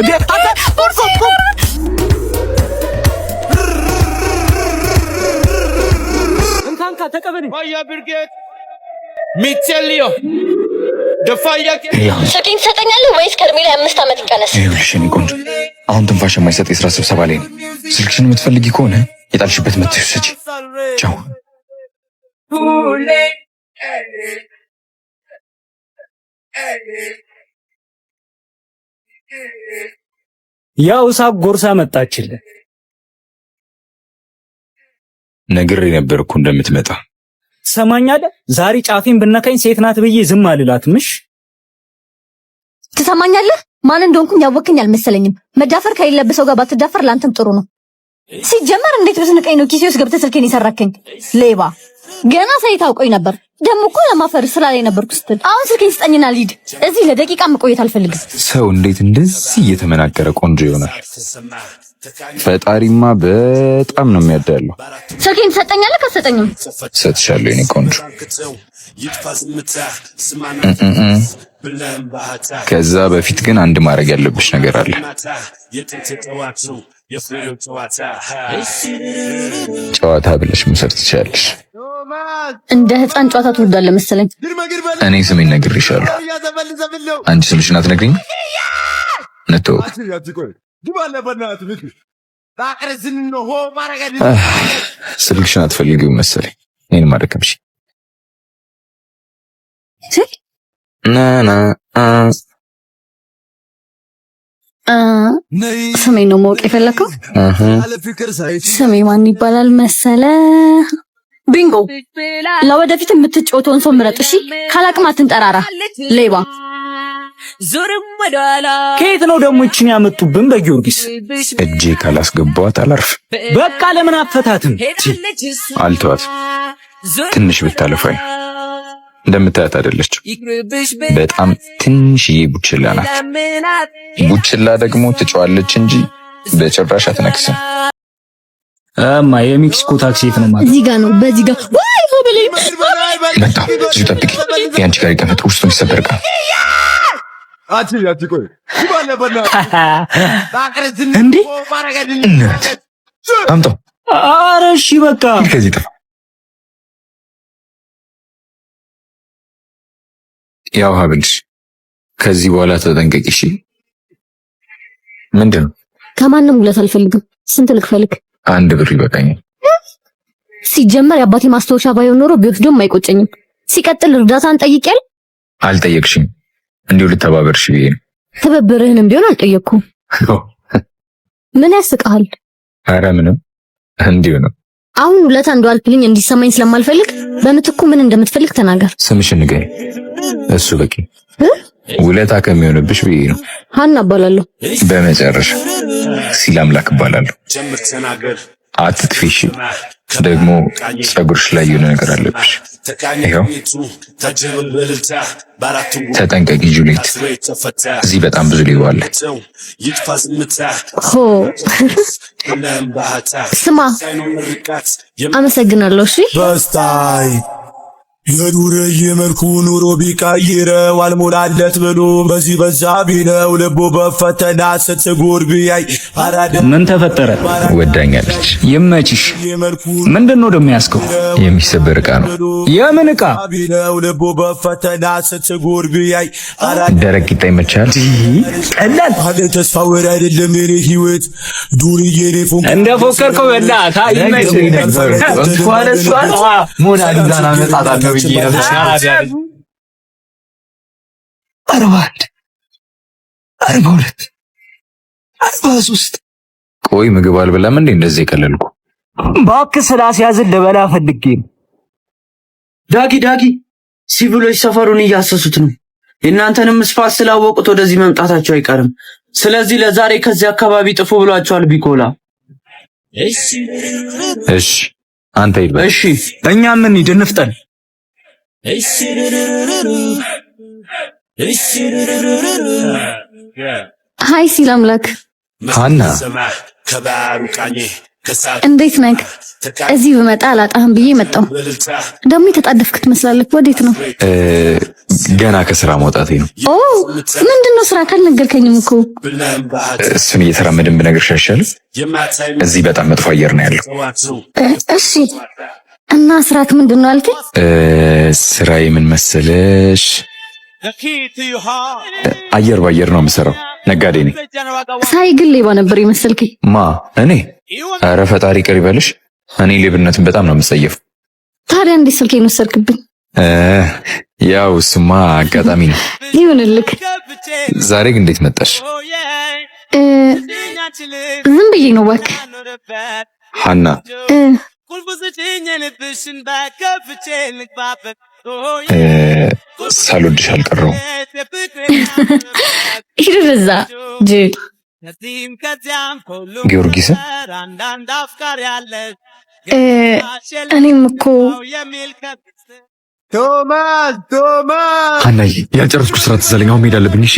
እንዴ አንተ ቦርሳ ስልኬን ትሰጠኛለህ ወይስ ከእድሜ ላይ አምስት ዓመት ይቀነስ? ይኸውልሽ የእኔ ቆንጆ አሁን ትንፋሽ የማይሰጥ የስራ ስብሰባ ላይ ነው። ስልክሽን የምትፈልጊ ከሆነ የጣልሽበት መተሽ ስጪ። ቻው። ያው እሳብ ጎርሳ መጣችልን። ነግሬ ነበርኩ እንደምትመጣ። ትሰማኛለህ? ዛሬ ጫፌን ብነካኝ ሴት ናት ብዬ ዝም አልላትምሽ። ትሰማኛለህ? ማን እንደሆንኩኝ ያወቅኝ አልመሰለኝም። መዳፈር ከሌለብህ ሰው ጋር ባትዳፈር ለአንተም ጥሩ ነው። ሲጀመር እንዴት ብትንቀኝ ነው ኪሴ ውስጥ ገብተህ ስልኬን የሰራከኝ ሌባ? ገና ሳይታውቀኝ ነበር ደግሞ እኮ ለማፈር ስራ ላይ ነበርኩ ስትል አሁን ስልኬን ስጠኝና ልሂድ። እዚህ ለደቂቃ መቆየት አልፈልግም። ሰው እንዴት እንደዚህ እየተመናገረ ቆንጆ ይሆናል? ፈጣሪማ በጣም ነው የሚያዳለው። ስልኬን ትሰጠኛለህ? ከሰጠኝም ሰጥሻለሁ። የኔ ቆንጆ ከዛ በፊት ግን አንድ ማድረግ ያለብሽ ነገር አለ። ጨዋታ ብለሽ መውሰድ ትችላለሽ። እንደ ህፃን ጨዋታ ትወዳለህ መሰለኝ። እኔ ስሜን ነግሬሻለሁ። አንቺ ስልሽን አትነግሪኝ። ስልክሽን አትፈልጊው መሰለኝ። እኔን ማድረከምሽ ናና ነው ማወቅ የፈለከው? ስሜ ማን ይባላል መሰለ? ቢንጎ ለወደፊት የምትጫወተውን ሰው ምረጥ። እሺ፣ ካላቅማት ትንጠራራ ሌባ። ከየት ነው ደግሞ እችን ያመጡብን? በጊዮርጊስ እጄ ካላስገባዋት አላርፍ። በቃ ለምን አፈታትም? አልተዋት። ትንሽ ብታለፋኝ እንደምታያት አይደለችም። በጣም ትንሽዬ ቡችላ ናት። ቡችላ ደግሞ ትጫዋለች እንጂ በጭራሽ አትነክስም። እማ የሜክሲኮ ታክሲ የት ነው ማለት? እዚህ ጋር ነው። በዚህ ጋር ወይ መጣ። ጠብቂ። የአንቺ ጋር እሺ በቃ ከዚህ ጥፋ። ያው ሀብልሽ ከዚህ በኋላ ተጠንቀቂ እሺ። ምንድን ነው ከማንም አልፈልግም። ስንት ልክፈልግ አንድ ብር ይበቃኛል። ሲጀመር የአባቴ ማስታወሻ ባይሆን ኖሮ ቢወስዶም አይቆጨኝም። ሲቀጥል እርዳታን ጠይቄያለሁ። አልጠየቅሽም፣ እንዲሁ ልተባበርሽ ብዬ ነው። ትብብርህንም ቢሆን አልጠየቅኩም። ምን ያስቀሃል? አረ ምንም፣ እንዲሁ ነው። አሁን ውለታ እንዳልክልኝ እንዲሰማኝ ስለማልፈልግ በምትኩ ምን እንደምትፈልግ ተናገር። ስምሽን ንገሪኝ፣ እሱ በቂ ውለታ ከሚሆንብሽ ብዬ ነው። ሀና እባላለሁ። በመጨረሻ ሲል አምላክ እባላለሁ። አትጥፊሽ። ደግሞ ጸጉርሽ ላይ የሆነ ነገር አለብሽ። ይኸው ተጠንቀቂ ጁሌት፣ እዚህ በጣም ብዙ ሌባ አለ። ስማ፣ አመሰግናለሁ። እሺ የዱር መልኩ ኑሮ ቢቀይረው አልሞላለት ብሎ በዚህ በዛ ቢለው ልቡ በፈተና ስትጎድ ቢያይ ምን ተፈጠረ? ወዳኛለች። ይመችሽ። ምንድን ነው ደግሞ ያስከው? የሚሰበር ዕቃ ነው። የምን ዕቃ? ልቡ በፈተና ስትጎድ ቢያይ ደረቅ ቂጣ ይመችሃል? ቀላል አለ ተስፋ ወደ አይደለም የኔ ህይወት ዱር ዱርዬ ኔፎን እንደ ፎከርከው በላ ታይመች አርባ አንድ አርባ ሁለት አርባ ሶስት ቆይ ምግብ አልበላም እንዴ? እንደዚህ የቀለልኩ እባክህ ስላስያዝን ልበላ ፈልጌ ዳጊ ዳጊ ሲቪሎች ሰፈሩን እያሰሱት ነው። የእናንተንም ስፋት ስላወቁት ወደዚህ መምጣታቸው አይቀርም። ስለዚህ ለዛሬ ከዚህ አካባቢ ጥፉ ብሏቸዋል። ቢኮላ እሺ፣ አንተ ይበል። እሺ፣ እኛ ምን እንፍጠን ሀይ ሲል አምላክ ሀና እንዴት ነህ? እዚህ ብመጣ አላጣህም ብዬ መጣሁ። ደግሞ የተጣደፍክ ትመስላለህ። ወዴት ነው? ገና ከስራ መውጣቴ ነው። ኦ ምንድን ነው ስራ? ካልነገርከኝም እኮ እሱን እየተራመድን ብነግርሽ ይሻላል። እዚህ በጣም መጥፎ አየር ነው ያለው። እሺ እና ስራክ ምንድን ነው አልከኝ? ስራዬ ምን መሰለሽ፣ አየር በአየር ነው የምሰራው። ነጋዴ ነኝ። ሳይ ግን ሌባ ነበር የመሰልከኝ። ማ እኔ? ኧረ ፈጣሪ ቅር ይበልሽ። እኔ ሌብነትን በጣም ነው የምጸየፈው። ታዲያ እንዴት ስልኬን ወሰድክብኝ? ያው ስማ አጋጣሚ ነው። ይሁንልክ። ዛሬ ግን እንዴት መጣሽ? ዝም ብዬ ነው እባክህ። ሀና ሳልወድሽ አልቀረው። ሂድ እዛ ጊዮርጊስ። እኔም እኮ ቶማስ ቶማስ፣ ሀናዬ ያልጨረስኩ ስራ ትዛለኝ። አሁን መሄድ አለብኝ። እሺ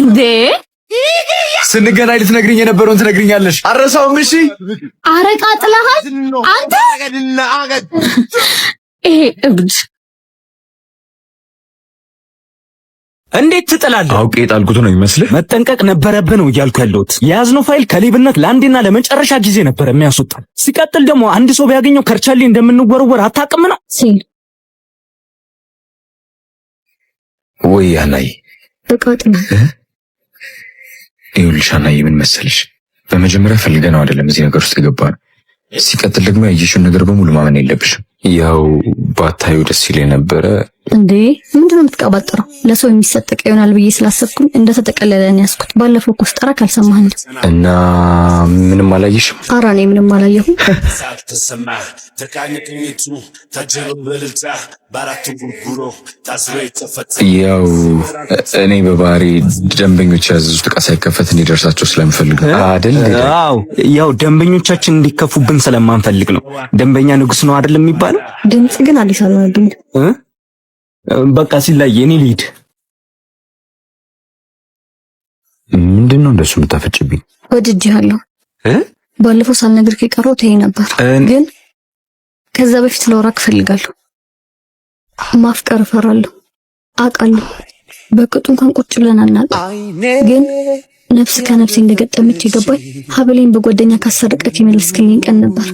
እንዴ ስንገናኝ ልትነግሪኝ የነበረውን ትነግሪኛለሽ። አረሳውም። እሺ፣ አረቃ ጥለሃል አንተ። ይሄ እብድ እንዴት ትጥላለህ? አውቄ ጣልኩት ነው ይመስልህ? መጠንቀቅ ነበረብህ ነው እያልኩ ያለሁት። የያዝነው ፋይል ከሌብነት ለአንዴና ለመጨረሻ ጊዜ ነበር የሚያስወጣ። ሲቀጥል ደግሞ አንድ ሰው ቢያገኘው ከርቸሌ እንደምንወረወር አታውቅም ነው ሲል ወይ ያናይ ይኸውልሽ ሀናዬ፣ ምን መሰልሽ፣ በመጀመሪያ ፈልገነው አይደለም እዚህ ነገር ውስጥ የገባ ነው። ሲቀጥል ደግሞ ያየሽውን ነገር በሙሉ ማመን የለብሽም። ያው ባታዩ ደስ ይል የነበረ እንዴ ምንድነው የምትቀባጥረው? ለሰው የሚሰጠቀ ይሆናል ብዬ ስላሰብኩኝ እንደተጠቀለለ ነው ያስኩት። ባለፈው እኮ ስጠራ ካልሰማህ እና ምንም አላየሽም? ኧረ እኔ ምንም አላየሁም። ያው እኔ በባህሪ ደንበኞች ያዘዙት እቃ ሳይከፈት እንዲደርሳቸው ስለምፈልግ አይደል? ያው ደንበኞቻችን እንዲከፉብን ስለማንፈልግ ነው። ደንበኛ ንጉስ ነው አይደል የሚባለው። ድምፅ ግን አዲስ አልሆነብኝም በቃ ሲላይ እኔ ልሂድ። ምንድን ነው እንደሱ የምታፈጭብኝ? ወድጄሃለሁ። ባለፈው ሳልነግርህ የቀረው ተይ ነበር፣ ግን ከዛ በፊት ላወራክ እፈልጋለሁ። ማፍቀር እፈራለሁ አውቃለሁ። በቅጡ እንኳን ቁጭ ብለን አናውቅም፣ ግን ነፍስ ከነፍሴ እንደገጠመች የገባኝ ሀብሌን በጓደኛ ካሰረቀት የመለስክልኝ ቀን ነበር።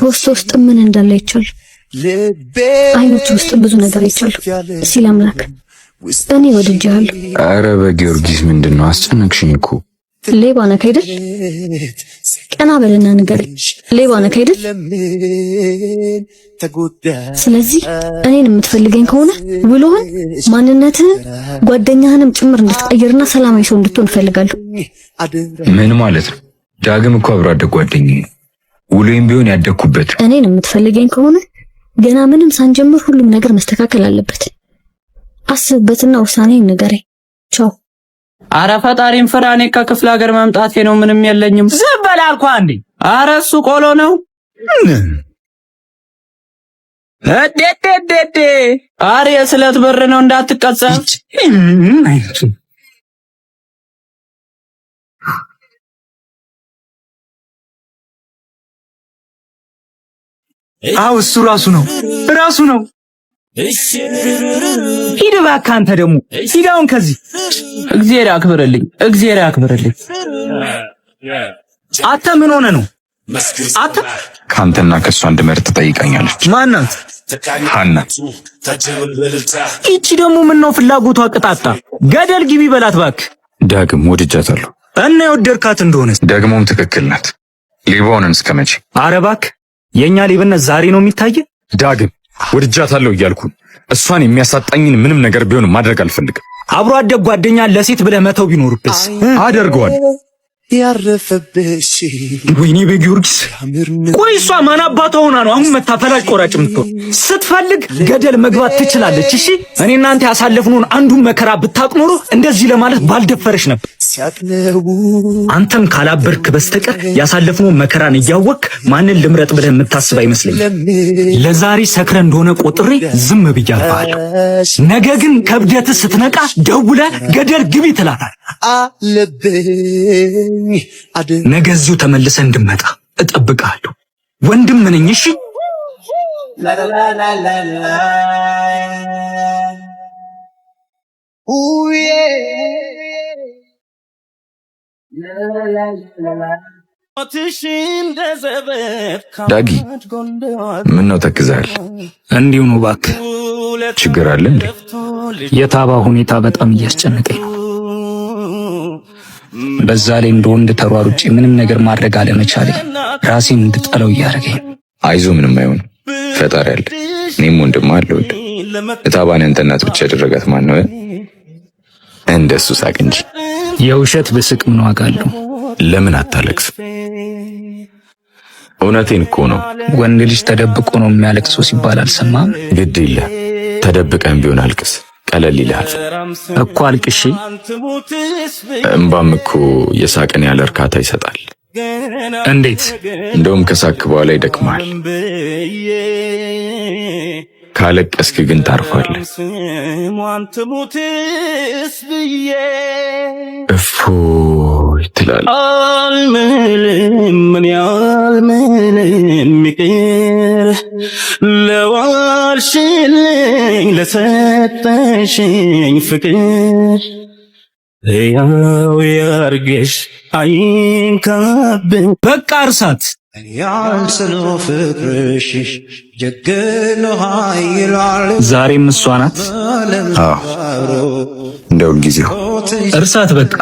በውስጥ ውስጥ ምን እንዳለ ይቻል አይኖች ውስጥ ብዙ ነገር አይቻለሁ ሲል አምላክ እኔ ወድጄሃለሁ። አረ በጊዮርጊስ ምንድን ነው አስጨነቅሽኝ እኮ። ሌባ ነክ አይደል? ቀና በልና ንገረኝ። ሌባ ነክ አይደል? ስለዚህ እኔን የምትፈልገኝ ከሆነ ውሎህን፣ ማንነትህን፣ ጓደኛህንም ጭምር እንድትቀይርና ሰላማዊ ሰው እንድትሆን እፈልጋለሁ። ምን ማለት ነው? ዳግም እኮ አብሮ አደግ ጓደኛዬ ነው። ውሎዬም ቢሆን ያደግኩበት። እኔን የምትፈልገኝ ከሆነ ገና ምንም ሳንጀምር ሁሉም ነገር መስተካከል አለበት። አስብበትና ውሳኔ ንገረኝ። ቻው። አረ ፈጣሪም ፍራ። እኔ ከክፍለ ሀገር መምጣቴ ነው። ምንም የለኝም። ዝም በል አልኳህ እንዴ! አረ እሱ ቆሎ ነው። እዴዴዴዴ አሬ ስለት በር ነው እንዳትቀጸም አው እሱ ራሱ ነው ራሱ ነው። ሂድ እባክህ አንተ ደግሞ ሂድ አሁን ከዚህ። እግዚአብሔር ያክብርልኝ፣ እግዚአብሔር ያክብርልኝ። አንተ ምን ሆነ ነው አንተ ከአንተና ከእሱ አንድ መርጥ ጠይቃኛለች። ማናት? ሀና። ይቺ ደግሞ ምን ነው ፍላጎቷ? ቅጣጣ ገደል ግቢ በላት እባክህ። ዳግም ወድጃታለሁ እና የወደድካት እንደሆነ ደግሞም ትክክል ናት። ሌባውንን እስከመቼ? አረ እባክህ የእኛ ሌብነት ዛሬ ነው የሚታየ። ዳግም ወድጃታለሁ እያልኩን እሷን የሚያሳጣኝን ምንም ነገር ቢሆን ማድረግ አልፈልግም። አብሮ አደግ ጓደኛን ለሴት ብለህ መተው ቢኖርብስ አደርገዋል። ያረፈብሽ ወይኔ በጊዮርጊስ ቆይ፣ እሷ ማን አባቷ ሆና ነው አሁን መታ ፈላጭ ቆራጭ የምትሆን? ስትፈልግ ገደል መግባት ትችላለች። እሺ እኔ እናንተ ያሳለፍነውን አንዱን መከራ ብታውቅ ኖሮ እንደዚህ ለማለት ባልደፈረች ነበር። አንተም ካላበርክ በስተቀር ያሳለፍነውን መከራን እያወቅ ማንን ልምረጥ ብለህ የምታስብ አይመስለኝም። ለዛሬ ሰክረ እንደሆነ ቆጥሬ ዝም ብያለሁ። ነገ ግን ከብደት ስትነቃ ደውለ ገደል ግቢ ትላታል። አለብኝ። ነገ እዚሁ ተመልሰ እንድመጣ እጠብቃለሁ። ወንድም ነኝ። እሺ ዳጊ፣ ምን ነው ተክዛል? እንዲሁ ነው እባክህ። ችግር አለ እንዴ? የታባ ሁኔታ በጣም እያስጨነቀኝ ነው። በዛ ላይ እንደ ወንድ ተሯሩጬ ምንም ነገር ማድረግ አለመቻሌ ራሴን እንድጠለው እያደረገኝ። አይዞ ምንም አይሆን፣ ፈጣሪ አለ። እኔም ወንድማ አለወድ እታባን ያንተ እናት ብቻ ያደረጋት ማን ነው? እንደሱ ሳቅ እንጂ የውሸት ብስቅ ምን ዋጋ አለው? ለምን አታለቅስ? እውነቴን እኮ ነው። ወንድ ልጅ ተደብቆ ነው የሚያለቅሰው ሲባል አልሰማም? ግድ የለ ተደብቀን ቢሆን አልቅስ። ቀለል ይልሃል እኮ አልቅሺ። እምባም እኮ የሳቅን ያለ እርካታ ይሰጣል። እንዴት እንደውም ከሳክ በኋላ ይደክመሃል። ካለቀስክ ግን ታርፋለህ። እፎይ ትላለህ። አልምልም አልምልም ይቅር ለዋልሽልኝ ለሰጠሽኝ ፍቅር ያው ያርገሽ አይንካብን። በቃ እርሳት ዛሬም እሷ ናት። እንደው ጊዜው እርሳት። በቃ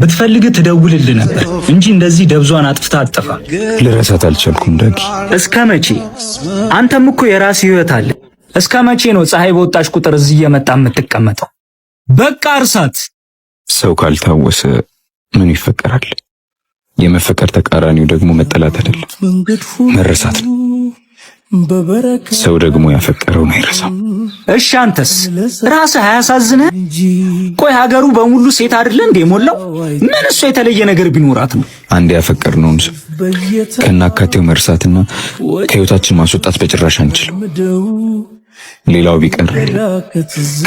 ብትፈልግ ትደውልል ነበር እንጂ እንደዚህ ደብዟን አጥፍታ አጠፋ። ልረሳት አልቻልኩም። ዳጊ እስከ መቼ? አንተም እኮ የራስ ህይወት አለ። እስከ መቼ ነው ፀሐይ በወጣች ቁጥር እዚህ እየመጣ የምትቀመጠው? በቃ እርሳት። ሰው ካልታወሰ ምን ይፈቀራል? የመፈቀር ተቃራኒው ደግሞ መጠላት አይደለም፣ መረሳት ነው። ሰው ደግሞ ያፈቀረውን አይረሳም። እሺ አንተስ ራስህ አያሳዝንህ? ቆይ ሀገሩ በሙሉ ሴት አይደለ እንዴ ሞላው? ምን እሷ የተለየ ነገር ቢኖራት ነው? አንድ ያፈቀርነውን ሰው ከናካቴው መርሳትና ከህይወታችን ማስወጣት በጭራሽ አንችልም። ሌላው ቢቀር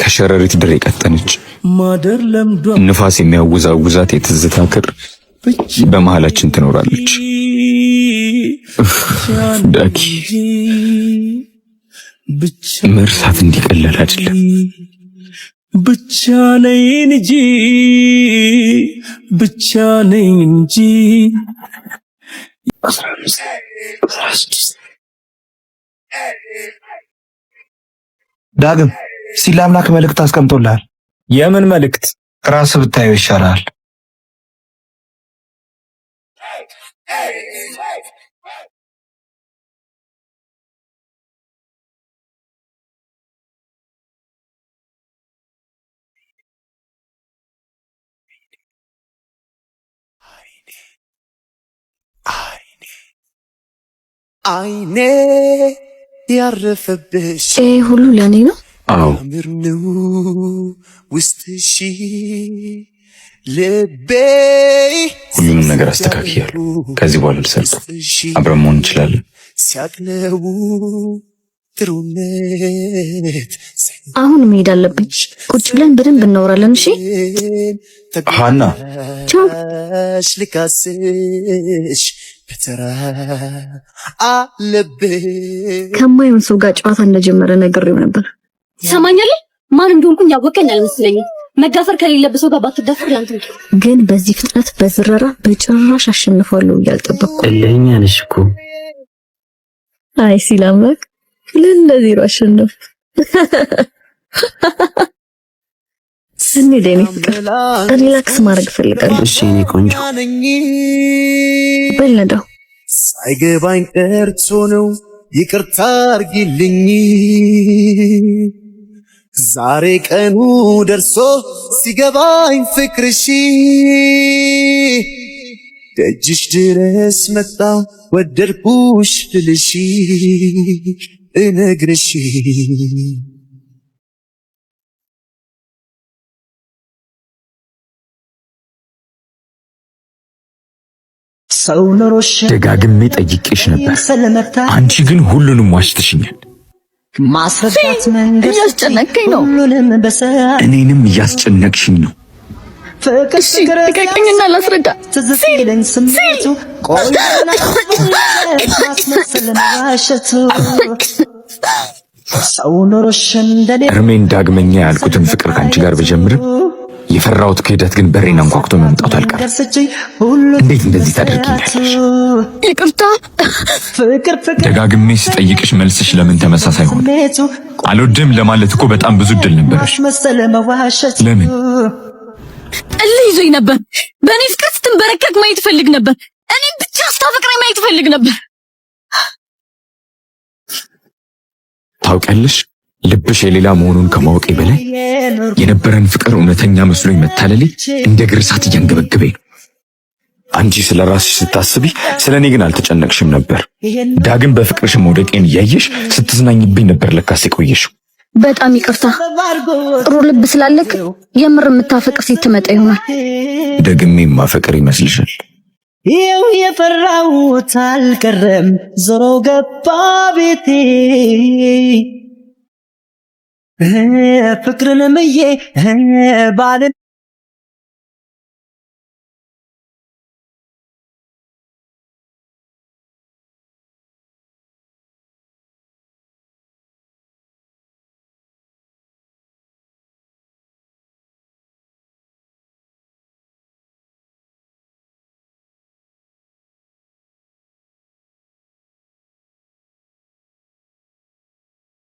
ከሸረሪት ድር የቀጠነች ንፋስ የሚያወዛውዛት የትዝታ ክር በመሃላችን ትኖራለች። ዳኪ መርሳት እንዲቀለል አይደለም። ብቻ ነኝ እንጂ ብቻ ነኝ እንጂ ዳግም ሲላምላክ መልእክት አስቀምጦልሃል። የምን መልእክት? ራስ ብታየው ይሻላል። አይኔ ያረፈብሽ ሁሉ ለእኔ ነው። አዎ ምርነው ውስጥሽ ሁሉንም ነገር አስተካክያሉ። ከዚህ በኋላ ልሰርጡ አብረን መሆን እንችላለን። አሁን መሄድ አለብኝ። ቁጭ ብለን በደንብ እናወራለን። እሺ ሀና፣ ቻው። ከማይሆን ሰው ጋር ጨዋታ እንደጀመረ ነግሬው ነበር። ሰማኛለ ማን እንደሆንኩኝ ያወቀኝ አልመስለኝም። መጋፈር መዳፈር ሰው ጋር ባትዳፈር ላንተ ግን በዚህ ፍጥነት በዝረራ በጭራሽ አሸንፏለሁ እያልጠበቅኩ እልህኛ ነሽ እኮ አይ ሲላመቅ ሁለት ለዜሮ አሸነፍ እንዴ ነው ፍቅር ሪላክስ ማድረግ ፈልጋለሁ እሺ እኔ ቆንጆ በለዳው ሳይገባኝ ቀርቶ ነው ይቅርታ አርጊልኝ ዛሬ ቀኑ ደርሶ ሲገባኝ ፍቅርሺ ደጅሽ ድረስ መጣ ወደድኩሽ ልልሺ እነግርሺ ደጋግሜ ጠይቄሽ ነበር። አንቺ ግን ሁሉንም ዋሽትሽኛል። ማስረዳት መንገድ እያስጨነቀኝ ነው። እኔንም እያስጨነቅሽኝ ነው። ፍቅርቀኝና ላስረዳ ስሜቱ እርሜን ዳግመኛ ያልኩትን ፍቅር ከአንቺ ጋር በጀምርም የፈራሁት ክህደት ግን በሬን አንኳኩቶ መምጣቱ አልቀረም። እንዴት እንደዚህ ታደርጊኛለሽ? ይቅርታ ደጋግሜ ስጠይቅሽ መልስሽ ለምን ተመሳሳይ ሆነ? አልወድም ለማለት እኮ በጣም ብዙ እድል ነበረሽ። ለምን እልህ ይዞኝ ነበር። በእኔ ፍቅር ስትንበረከክ ማየት እፈልግ ነበር። እኔም ብቻ ስታፈቅረኝ ማየት እፈልግ ነበር። ታውቂያለሽ ልብሽ የሌላ መሆኑን ከማወቄ በላይ የነበረን ፍቅር እውነተኛ መስሎኝ መታለሌ እንደ ግርሳት እሳት እያንገበገበኝ ነው። አንቺ ስለ ራስሽ ስታስቢ ስለ እኔ ግን አልተጨነቅሽም ነበር። ዳግም በፍቅርሽ መውደቄን እያየሽ ስትዝናኝብኝ ነበር ለካስ የቆየሽው። በጣም ይቅርታ። ጥሩ ልብ ስላለክ የምር የምታፈቅር ሴት ትመጣ ይሆናል። ደግሜ ማፈቅር ይመስልሻል? ይው የፈራሁት አልቀረም ዞሮ ገባ ቤቴ ፍቅርን ምዬ ባልን